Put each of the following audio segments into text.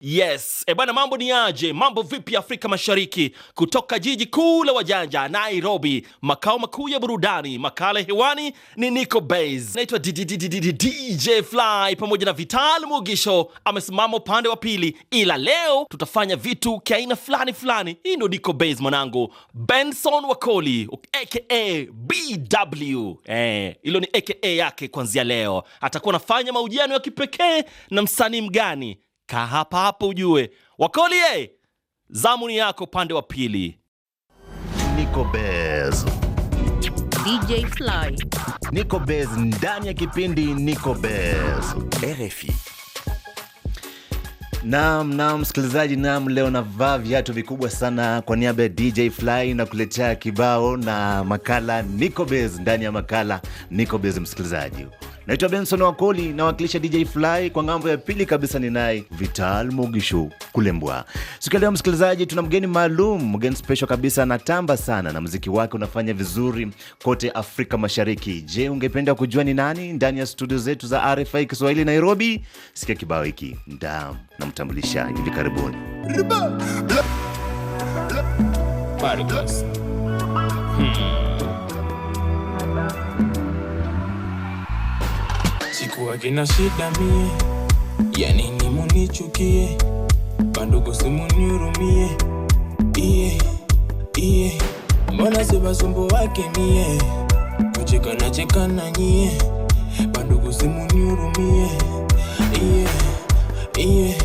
Yes, ebana, eh, mambo ni aje? Mambo vipi Afrika Mashariki, kutoka jiji kuu la wajanja Nairobi, makao makuu ya burudani. Makala hewani ni Nico Base, naitwa DJ Fly pamoja na Vital Mugisho amesimama upande wa pili, ila leo tutafanya vitu kiaina fulani fulani. Hii ndo Nico Base mwanangu, Benson Wakoli aka BW eh, hilo ni aka yake. Kuanzia leo atakuwa anafanya mahojiano ya kipekee na msanii mgani Kaa hapa hapa ujue. Wakolie, eh? zamu ni yako upande wa pili. Niko Bez. DJ Fly. Niko Bez ndani ya kipindi Niko Bez. RFI. nam naam msikilizaji, nam leo navaa viatu vikubwa sana kwa niaba ya DJ Fly na kuletea kibao na makala Niko ndani ya makala nicobes msikilizaji. Naitwa Benson Wakoli, nawakilisha DJ Fly. Kwa ngambo ya pili kabisa ni naye Vital Mugishu Kulembwa. Siku ya leo, msikilizaji, tuna mgeni maalum, mgeni special kabisa, anatamba sana na mziki wake unafanya vizuri kote Afrika Mashariki. Je, ungependa kujua ni nani? Ndani ya studio zetu za RFI Kiswahili Nairobi, sikia kibao hiki ndam, namtambulisha hivi karibuni. Hmm. kuwa na shida mie, ya nini munichukie? Bandugu simunirumie, iye iye, mbona sibasumbu wake mie, kuchekana chekana nyie, bandugu simunirumie, iye iye,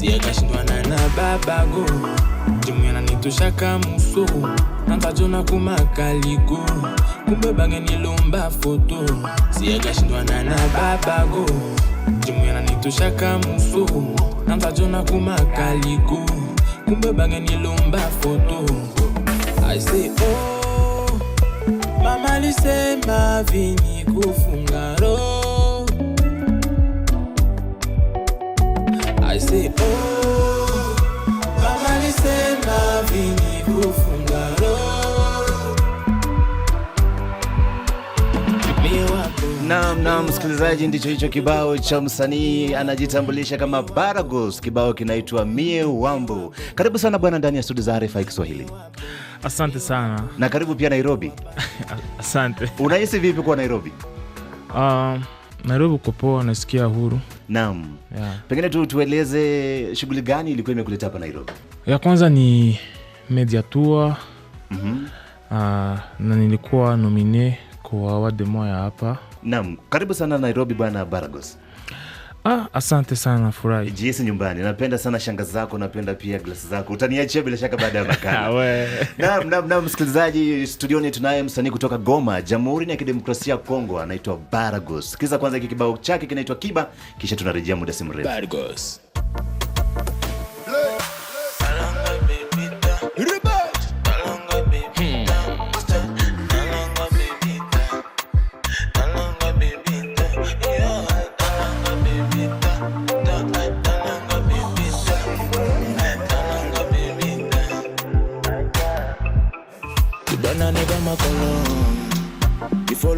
siyakashindwana na babago nitusha kamuso nantajona kumakaligo kumbe bangenilomba foto siyakashindwana na babago jimu yananitusha kamuso namtajona kumbe bangenilomba foto I say oh, mama vini kufunga roho I oh Nam nam, msikilizaji, ndicho hicho kibao cha msanii anajitambulisha kama Baragos. Kibao kinaitwa Mie Wambu. Karibu sana bwana ndani ya studio za RFI Kiswahili. Asante sana. Na karibu pia Nairobi. Asante. Unahisi vipi kuwa Nairobi? Uh, Nairobi uko poa, nasikia huru. Naam. Yeah. Pengine tu tueleze shughuli gani ilikuwa imekuleta hapa Nairobi? Ya kwanza ni media tour. Mhm. Mm uh, na nilikuwa nomine kwa award moja hapa Naam, karibu sana Nairobi bwana Baragos. Ah, asante sana furahi. Jihisi nyumbani. Napenda sana shanga zako, napenda pia glasi zako. Utaniachia bila shaka baada ya makala. Naam, naam, naam msikilizaji, studioni tunaye msanii kutoka Goma, Jamhuri ya Kidemokrasia ya Kongo, anaitwa Baragos. Sikiza kwanza hiki kibao chake kinaitwa Kiba, kisha tunarejea muda si mrefu. Baragos.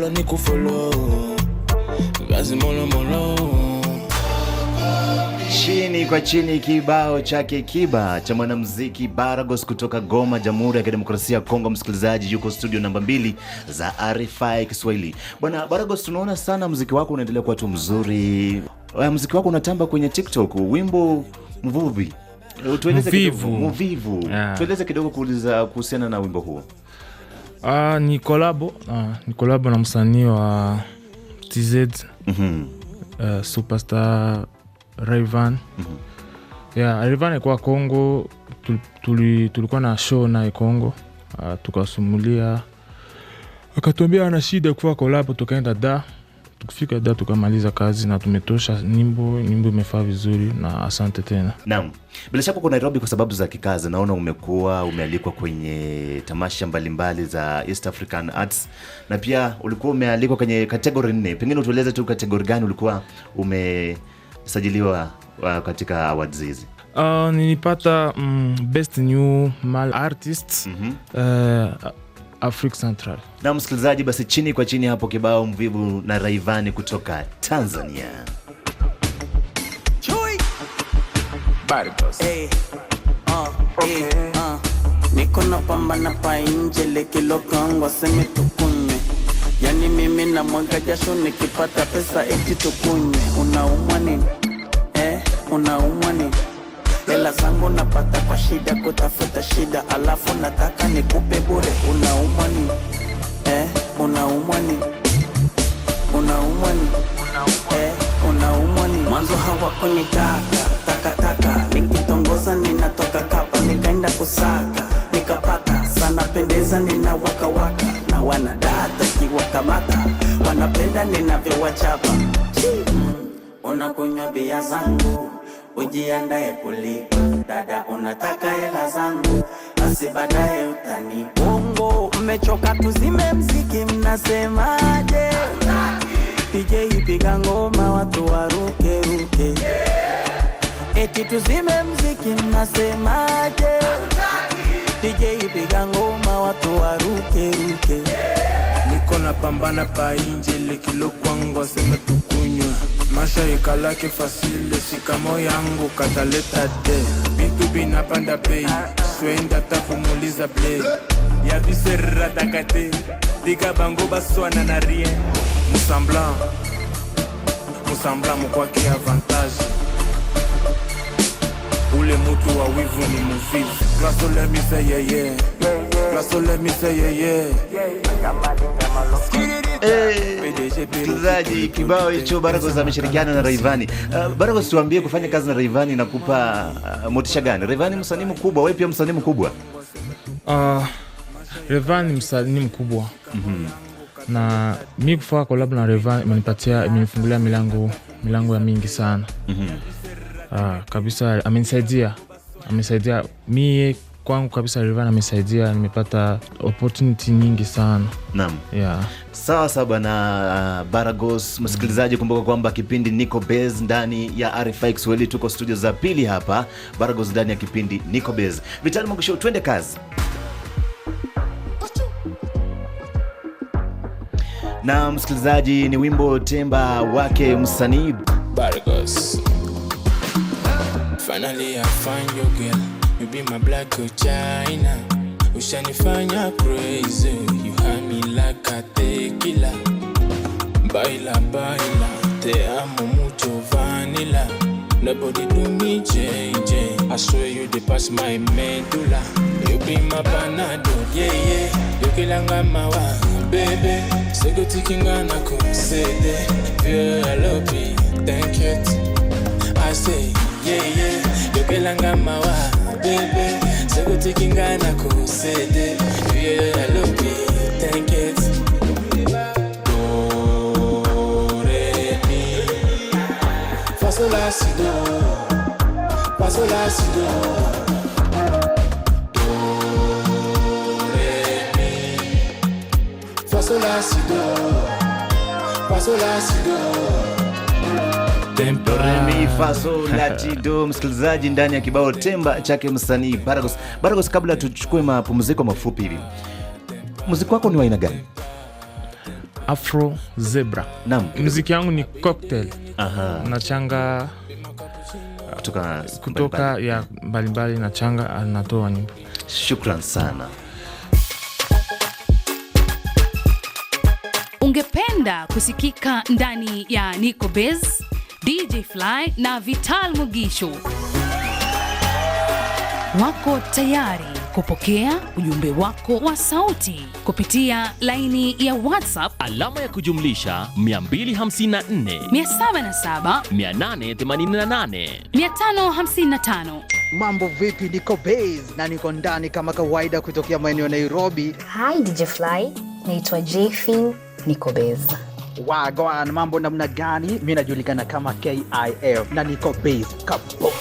bora ni kufollow kazi chini kwa chini, kibao chake Kiba cha mwanamuziki Baragos kutoka Goma, Jamhuri ya Kidemokrasia ya Kongo. Msikilizaji yuko studio namba mbili za RFI Kiswahili. Bwana Baragos, tunaona sana muziki wako unaendelea kuwa tu mzuri. Eh, muziki wako unatamba kwenye TikTok, wimbo mvuvi, tueleze kidogo kuuliza kuhusiana na wimbo huo. Uh, ni kolabo uh, ah, ni kolabo na msanii wa TZ mm -hmm. uh, eh, superstar Rayvan mm -hmm. yeah, Rayvan alikuwa Kongo, tuli, tulikuwa na show naye Kongo uh, ah, tukasumulia, akatuambia ana shida kufa kolabo, tukaenda da Tukifika da tukamaliza kazi na tumetosha nyimbo, nyimbo imefaa vizuri na asante tena. nam bila shaka uko Nairobi kwa sababu za kikazi, naona umekuwa umealikwa kwenye tamasha mbalimbali za East African Arts na pia ulikuwa umealikwa kwenye kategori nne. Pengine utueleze tu kategori gani ulikuwa umesajiliwa uh, katika awards hizi? Uh, nilipata um, best new mal artist mm -hmm. uh, Afrika Central. Na msikilizaji, basi chini kwa chini hapo kibao Mvivu na Raivani kutoka Tanzania. Chui. Bartos. Hey. Uh, ah, eh, okay. hey. uh. Ah. Niko na pa seme yani mimi na mwaga jasho nikipata pesa eti Unaumwa nini eh? unaumwa nini Hela zangu napata kwa shida, kutafuta shida, alafu nataka nikupe bure. unaumwani ni eh, unaumwani ni eh, unaumwa eh, mwanzo hawakunitaka takataka, nikitongoza ninatoka kapa, nikaenda kusaka nikapata sana pendeza, nina waka waka na wanadata kiwakamata, wanapenda ninavyowachapa, mm. unakunywa bia zangu ujiandae kulipa. Dada unataka hela zangu, basi baadaye utani. Bongo mmechoka, tuzime mziki, mnasemaje? Tijei piga ngoma, watu waruke ruke, eti tuzime mziki, mnasemaje? Tijei piga ngoma, watu waruke ruke, niko napambana pa inje, likilo kwangu waseme tukunywa Masha ikalake fasile sikamo yangu kataleta de bitu binapanda bei swenda takumuliza ble ya viseratakate dika bango baswana na rien musambla musambla mukwake avantage ule mutu wa wivu ni muvivu grasolemise yeye yeah, yeah. Africa, so let me say yeah, yeah. Kibao hicho za ameshirikiana na raivani Uh, eh, Baragos, tuambie kufanya kazi na Rayvanny na uh, motisha gani? raivani msanii mkubwa, wewe pia msanii mkubwa. Uh, ah, msani msanii mkubwa. Mm-hmm. Na mi kufanya collab na Rayvanny imenipatia imenifungulia milango milango ya mingi sana. Mm-hmm. Uh, kabisa amenisaidia amenisaidia mie kwangu kabisa Rivana amesaidia, nimepata opportunity nyingi sana. Naam. Yeah. Sawa sawa bwana uh, Baragos msikilizaji, mm-hmm. kumbuka kwamba kipindi Niko Base ndani ya RFI Kiswahili, tuko studio za pili hapa Baragos ndani ya kipindi Niko Base. Vitali Mwakisho, twende kazi. Na msikilizaji, ni wimbo Temba wake msanii Baragos. Finally I find girl baby, my black girl China. Ushanifanya crazy, you had me like a tequila. Baila, baila, te amo mucho vanilla. Nobody do me change, I swear you depass my medulla. You be my panado, yeah, yeah. You kilanga mawa, baby. Segoti kingana kusede, vya lopi, thank you. I say, yeah, yeah. You kilanga mawa, baby. So go taking Ghana, go say it. Yeah, I love me, thank it. Fasola sido, fasola sido. Fasola sido, fasola sido. tempa. la msikilizaji, ndani ya kibao temba chake msanii Baragos. Baragos, kabla tuchukue mapumziko mafupi hivi, muziki wako ni waina gani? Afro Zebra. Naam. Muziki yangu ni cocktail. Aha. Nachanga kutoka, kutoka mbali. ya mbalimbali nachanga anatoa ah, nyimbo. Shukran sana. Ungependa kusikika ndani ya Nico DJ Fly na Vital Mugisho wako tayari kupokea ujumbe wako wa sauti kupitia laini ya WhatsApp alama ya kujumlisha 254 Mambo vipi? Niko base na niko ndani kama kawaida kutokea maeneo ya Nairobi. Hi DJ Fly, naitwa Jfin, niko base Wagwan, mambo namna gani? Mi najulikana kama kif na niko base kapo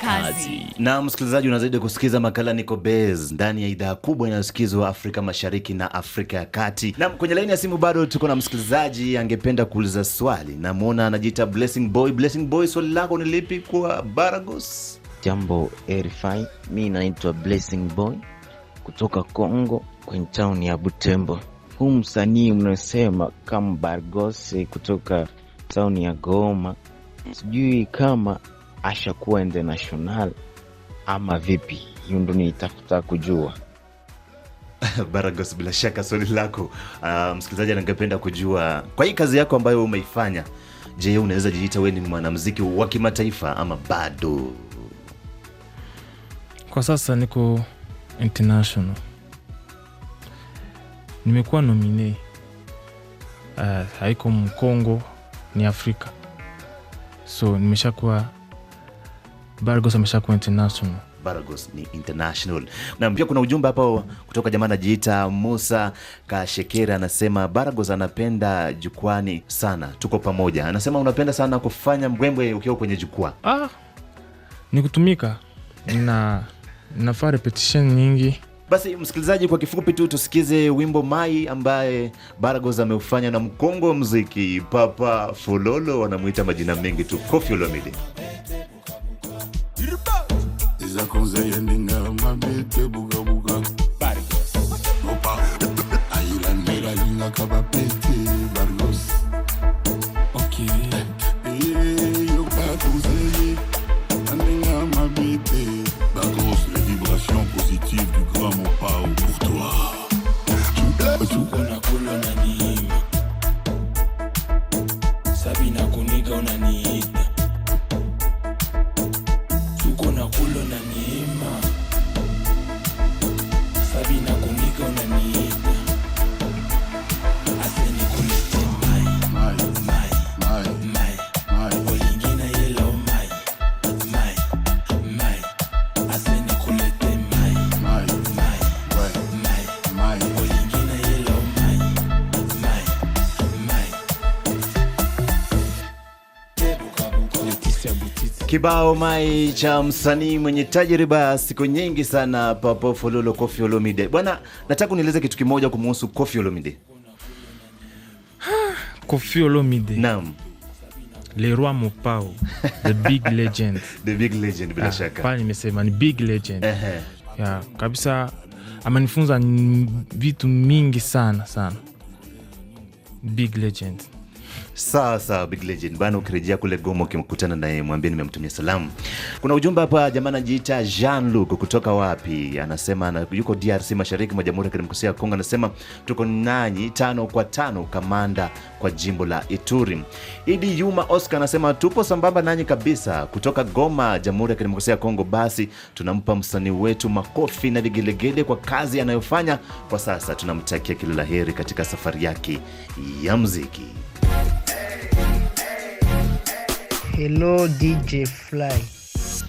kazi. Na msikilizaji, unazidi kusikiza makala Niko Base ndani ya idhaa kubwa inayosikizwa Afrika Mashariki na Afrika ya Kati. Na kwenye laini ya simu bado tuko na msikilizaji angependa kuuliza swali. Namwona anajiita Blessing Boy. Blessing Boy, swali lako ni lipi kwa Baragos? Jambo RFI, mi naitwa Blessing Boy kutoka Congo kwenye town ya Butembo huu msanii mnasema kama Bargose kutoka tauni ya Goma, sijui kama ashakuwa international ama vipi? Hiyo ndo nitafuta kujua. Baragos, bila shaka swali lako uh, msikilizaji anangependa kujua kwa hii kazi yako ambayo umeifanya, je, unaweza jiita wewe ni mwanamuziki wa kimataifa ama bado? Kwa sasa niko international nimekuwa nomine uh, ah, haiko Mkongo ni Afrika, so nimeshakuwa Bargos, ameshakuwa international Bargos ni international. Na pia kuna ujumbe hapo kutoka jamaa anajiita Musa Kashekera, anasema Bargos anapenda jukwani sana, tuko pamoja. Anasema unapenda sana kufanya mbwembwe ukiwa kwenye jukwaa. Ah, ni kutumika na nafaa repetition nyingi basi msikilizaji, kwa kifupi tu tusikize wimbo Mai ambaye Bargoss ameufanya na mkongo wa muziki Papa fololo wanamuita majina mengi tu, Koffi Olomide positif du grand mon pas au pourtant Kibao mai cha msanii mwenye tajriba siku nyingi sana Papa Fololo Koffi Olomide. Bwana, nataka unieleze kitu kimoja kumuhusu Koffi Olomide. Koffi Olomide. Naam. Le roi Mopao, the big legend. The big legend bila ah, shaka. Pale nimesema ni big legend. Eh eh. Ya, kabisa amenifunza vitu mingi sana sana. Big legend. Sawa sawa, Big Legend bana, ukirejea kule Goma ukimkutana naye mwambie nimemtumia salamu. Kuna ujumbe hapa, jamaa anajiita Jean Luc kutoka wapi? Anasema yuko DRC mashariki mwa Jamhuri ya Kidemokrasia ya Kongo. Anasema tuko nanyi tano kwa tano, kamanda kwa jimbo la Ituri. Idi Yuma Oscar anasema tupo sambamba nanyi kabisa, kutoka Goma, Jamhuri ya Kidemokrasia ya Kongo. Basi tunampa msanii wetu makofi na vigelegele kwa kazi anayofanya kwa sasa. Tunamtakia kila laheri katika safari yake ya mziki. Hello DJ Fly,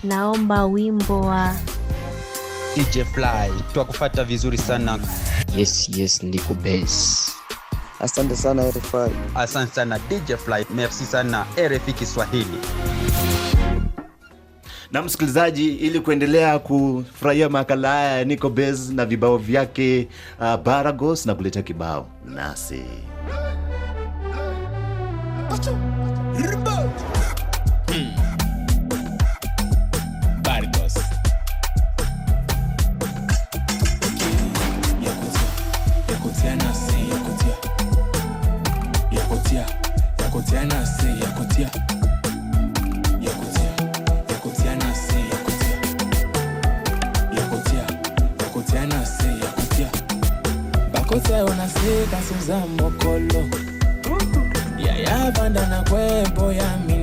naomba wimbo wa DJ Fly. Twakufata vizuri sana. Yes, yes, ndiko bass. Asante sana RFI. Asante sana DJ Fly. Merci sana RFI Kiswahili. Na msikilizaji, ili kuendelea kufurahia makala haya ya Niko Base na vibao vyake uh, Baragos na kuleta kibao nasi tena si ya kutia bakose unasika suzamokolo yayavanda na kwebo yami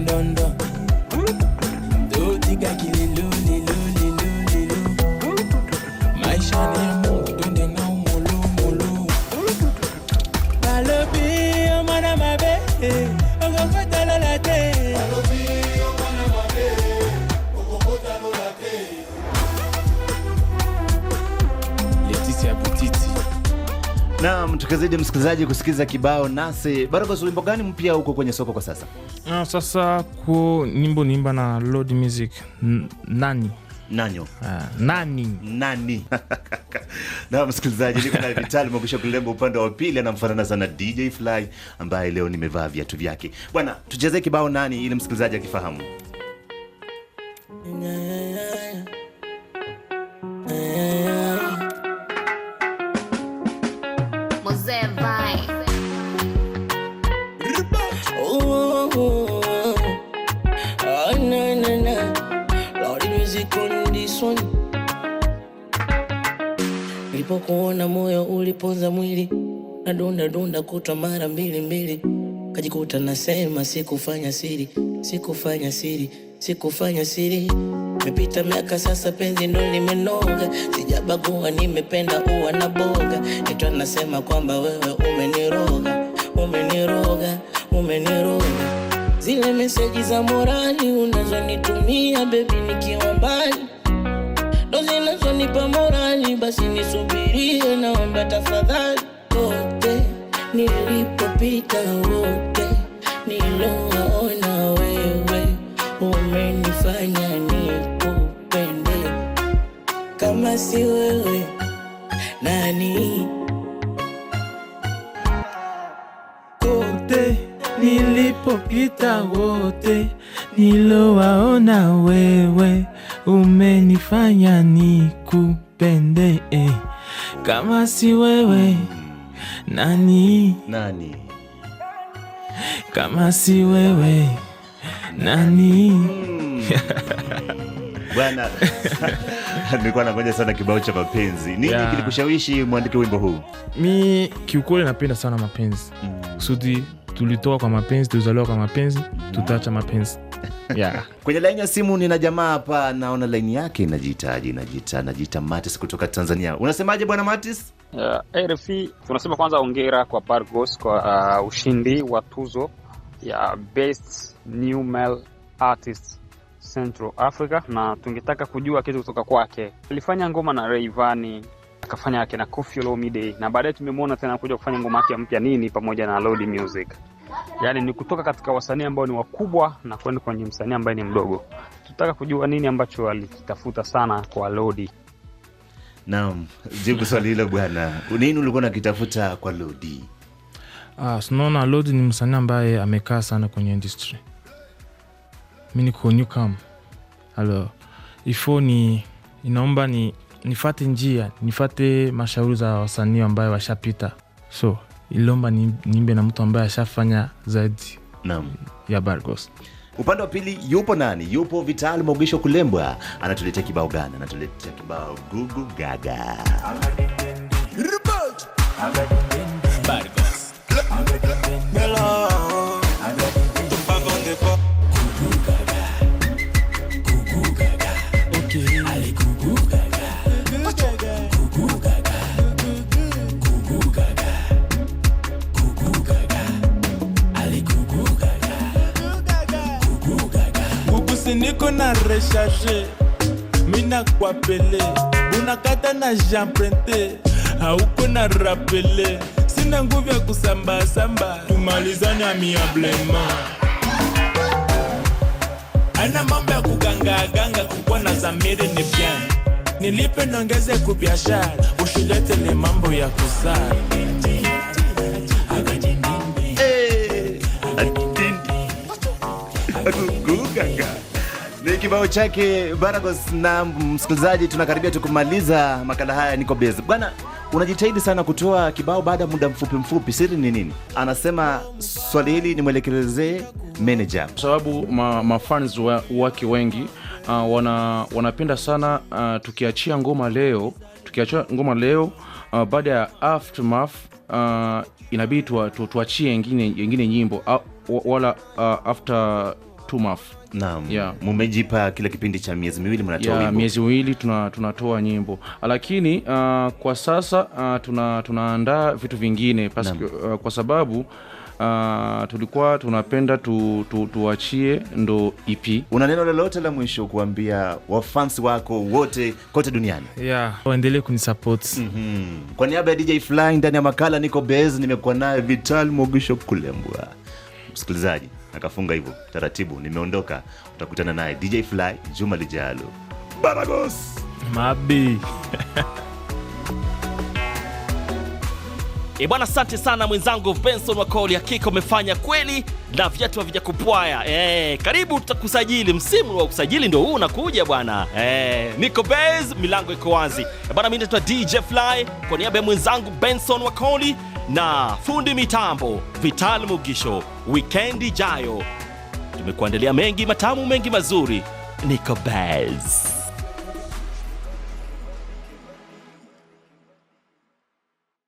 Naam, tukazidi msikilizaji kusikiliza kibao nasi. Barobas, wimbo gani mpya huko kwenye soko kwa sasa? Uh, sasa ku nimbo nimba na Lord Music N nani nanyo uh, nani nani na msikilizaji, niko na Vital Mwakusha Kulembo upande wa pili, anamfanana sana DJ Fly ambaye leo nimevaa viatu vyake. Bwana, tuchezee kibao nani ili msikilizaji akifahamu Nilipokuona moyo ulipoza mwili, na donda donda kutwa mara mbili mbili, kajikuta nasema sikufanya siri, sikufanya siri, sikufanya siri. Mepita miaka sasa, penzi ndo limenoga, sijabagua, nimependa uwa na boga, nitwa nasema kwamba wewe umeniroga, umeniroga, umeniroga. Zile meseji za morali unazonitumia bebi, nikiwa mbali kunipa morali, basi nisubirie, naomba tafadhali. Kote nilipopita, wote nilo si wewe nani? Nani? Kama si wewe nani? Hmm. Bwana nilikuwa nangoja sana kibao cha mapenzi. Nini yeah, kilikushawishi mwandike wimbo huu? Mi kiukweli napenda sana mapenzi mm. kusudi tulitoka kwa mapenzi, tulizaliwa kwa mapenzi, tutaacha mapenzi yeah. Kwenye laini ya simu nina jamaa hapa, naona laini yake inajitaji najita najiita Matis kutoka Tanzania. Unasemaje bwana Matis? Uh, eh, RFI tunasema kwanza ongera kwa Burgos kwa uh, ushindi wa tuzo ya Best New Male Artist Central Africa, na tungetaka kujua kitu kutoka kwake. Alifanya ngoma na Rayvanny akafanya yake na Koffi Olomide, na baadaye tumemwona tena kuja kufanya ngoma yake mpya nini pamoja na Lodi Music. Yaani ni kutoka katika wasanii ambao ni wakubwa na kwenda kwenye msanii ambaye ni mdogo. Tutaka kujua nini ambacho alikitafuta sana kwa Lodi. Naam, jibu swali hilo bwana. Nini ulikuwa nakitafuta kwa Lodi? Ah, sinaona Lodi ni msanii ambaye amekaa sana kwenye industry. Mi niko newcom. Halo, ifo ni inaomba ni nifate njia nifate mashauri za wasanii ambayo washapita, so iliomba niimbe na mtu ambaye ashafanya zaidi Naam. ya Bargos. Upande wa pili yupo nani? Yupo Vital Mogisho Kulembwa, anatuletea kibao gani? Anatuletea kibao gugu gaga. téléchargé mina kwapele unakata na jamprente hauko na ah, rapele sina nguvu ya kusambasamba tumalizane amiablema ana mambo ya kugangaganga kukwa na zamiri ni bien nilipe nongeze kubiashara ushilete ni mambo ya kusara hey ni kibao chake Baragos. Na msikilizaji, tunakaribia tukumaliza makala haya. Niko bezi bwana, unajitahidi sana kutoa kibao baada ya muda mfupi mfupi, siri ni nini? Anasema swali hili nimwelekelezee meneja, kwa sababu ma, mafans wa, wake wengi uh, wana, wanapenda sana uh, tukiachia ngoma leo, tukiachia ngoma leo uh, baada ya aftermath uh, inabidi tuachie tu, tu, ingine, yengine, nyimbo uh, wala uh, after two Naam. Yeah. Mumejipa kila kipindi cha miezi miwili mnatoa yeah, wimbo. Miezi miwili tuna, tunatoa nyimbo lakini uh, kwa sasa uh, tuna tunaandaa vitu vingine pas, uh, kwa sababu Uh, tulikuwa tunapenda tu, tu, tuachie ndo ip e Una neno lolote la mwisho kuambia wafans wako wote kote duniani? Yeah, waendelee kunisupport. mm -hmm. Kwa niaba ya DJ Fly ndani ya makala niko bes nimekuwa naye Vital Mogisho Kulembwa. Msikilizaji akafunga hivyo taratibu, nimeondoka. Utakutana naye DJ Fly juma lijalo. Baragos mabi Ebwana, asante sana mwenzangu Benson Wakoli, hakika umefanya kweli na viatu havijakupwaya. E, karibu tutakusajili. Msimu wa usajili ndio huu unakuja bwana. E, eh, niko base, milango iko wazi e bwana. Mimi naitwa DJ Fly kwa niaba ya mwenzangu Benson Wakoli na fundi mitambo Vital Mugisho. Wikendi ijayo tumekuandalia mengi matamu, mengi mazuri. Niko Base.